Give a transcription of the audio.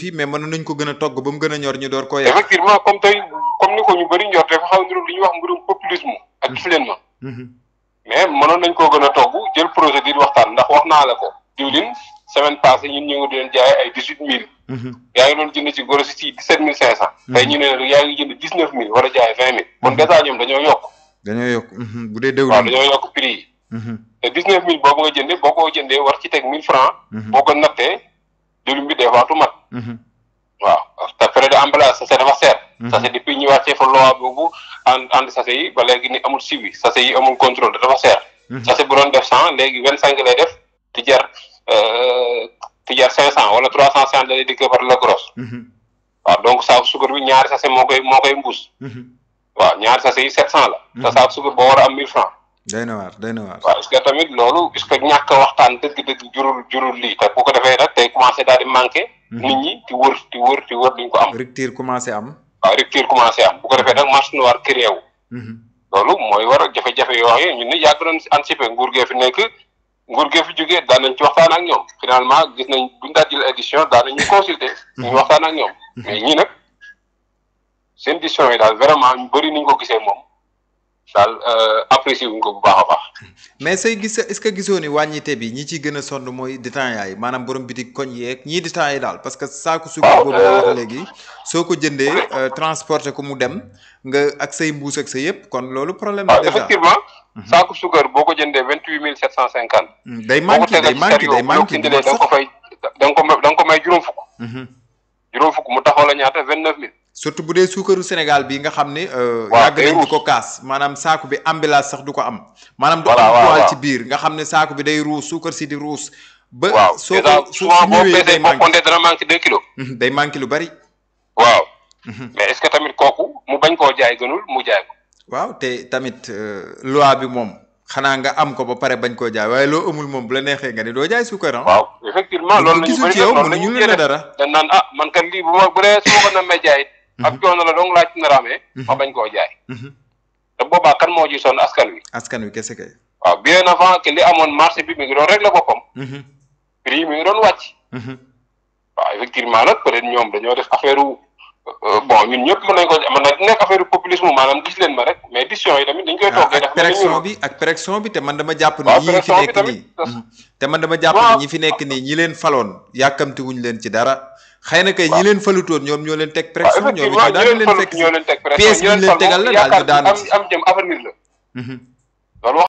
fii mais mënoon nañ ko gën a togg ba mu gën a ñor ñu door koo yàq. effectivement comme tey comme ni ko ñu bëri ñor dafa xaw niru li wax mbirum populisme ak mm-hmm. flènement. Mm-hmm. mais mënoon nañ koo gën a togg jël projet di waxtaan ndax wax naa la ko diwlin semaine passée ñun ñu ngi doon jaay ay dix huit mille. Mm-hmm. yaa ngi doon jënd ci goro si ci sept mille cinq cent. tey ñu ne la yaa ngi jënd dix neuf mille war a jaay vingt mille. kon dèjà ñoom dañoo yokk. dañoo yokk bu dee déwlin waaw dañoo yokk prix yi. war ci teg boo ko nattee dërëm bi des fois du mat. Mhm. waaw parce que frais de emballage sachet dafa seer. Mhm. sachet depuis ñu wàccee fa loi boobu ànd ànd sachet yi ba léegi ni amul suivi sachet yi amul contrôle dafa seer. Mhm. sachet bu doon def cent léegi vingt cinq lay def di jar euh, di jar cinq cent wala trois cent cinquante lay dikkee la grosse. waaw donc saabu suukar bi ñaari sachet moo moo koy mbuus. waaw ñaari sachet yi sept cent la. te saabu suukar boo war a am mille franc. day na waar day na waar. waaw que tamit loolu est-ce que ñàkk a waxtaan dëgg-dëgg jurul jurul lii te bu ko defee tey commencé daal di manqué. Mhm. nit ñi di wër di wër di wër duñ ko am. rupture commencé am. waaw rupture commencé am bu ko defee nag marché noir créé mhm. loolu mooy war jafe-jafe yoo xam ñun ñu yàgg nañ si anticiper nguur gee fi nekk nguur gee fi jógee daan nañ ci waxtaan ak ñoom finalement gis nañ buñ daal jël édition daan nañ ñu consulter. Mhm. ñu waxtaan ak ñoom. mais ñii nag seen décision yi daal vraiment ñu bëri ni ñu ko gisee moom. daal euh, apprécié wuñ bu baax a baax. mais say gis est-ce que gisoo wàññite bi ñi ci gën a sonn mooy détaillants yi maanaam borom bitik koñ yeeg ñii détaillants yi daal parce que saako suukar boobu la euh, léegi soo ko jëndee euh, transporter ko mu dem nga ak say mbuus ak sa yëpp kon loolu problème ah, la. effectivement mhm. saako suukar boo ko jëndee vingt huit mille sept cent cinquante. Mm, day manqué day manqué day manqué da nga ko fay ko may juróom fukk. Mhm. juróom fukk mu taxaw la ñaata vingt neuf mille. surtout bu dee suukaru Sénégal bi nga xam ne. Euh, yàgg nañ di ko kaas maanaam saaku bi emballage sax du ko am. maanaam du am poil ci biir nga xam ne saaku bi day ruus suukar si di ruus. ba soo ko su ñëwee day manqué dana manqué deux hmm, day manqué lu bari. waaw. Hmm. mais tamit kooku mu bañ koo jaay gënul mu jaay ko. te tamit euh, loi bi moom. xanaa nga am ko ba pare bañ koo jaay waaye loo amul moom bu la neexee nga ne doo jaay suukar ah. waaw effectivement loolu la ñu bëri loolu dara. dañ naan ah man kat lii bu Mhm. ab coono la dong laaj na raamee ma mhm. bañ koo jaay mhm. te boobaa kan moo ci sonn askan wi askan wi kese kay waaw a avant que li amoon marché bi mi ngi doon régler boppam prix mi ngi doon wàcc waaw effectivement nag peut être ñoom dañoo def affaire Euh, bon ñun ñëpp mën nañu ko mën na ah, bi ak pression bi te man dama jàpp ni ñi fi nekk nii mhm. te man dama jàpp ni ñi fi nekk nii ñi leen faloon yàkkamti leen ci dara xëy na kay ñi leen falutoon ñoom ñoo leen teg pression ñoom it leen tegal la daal ñu daan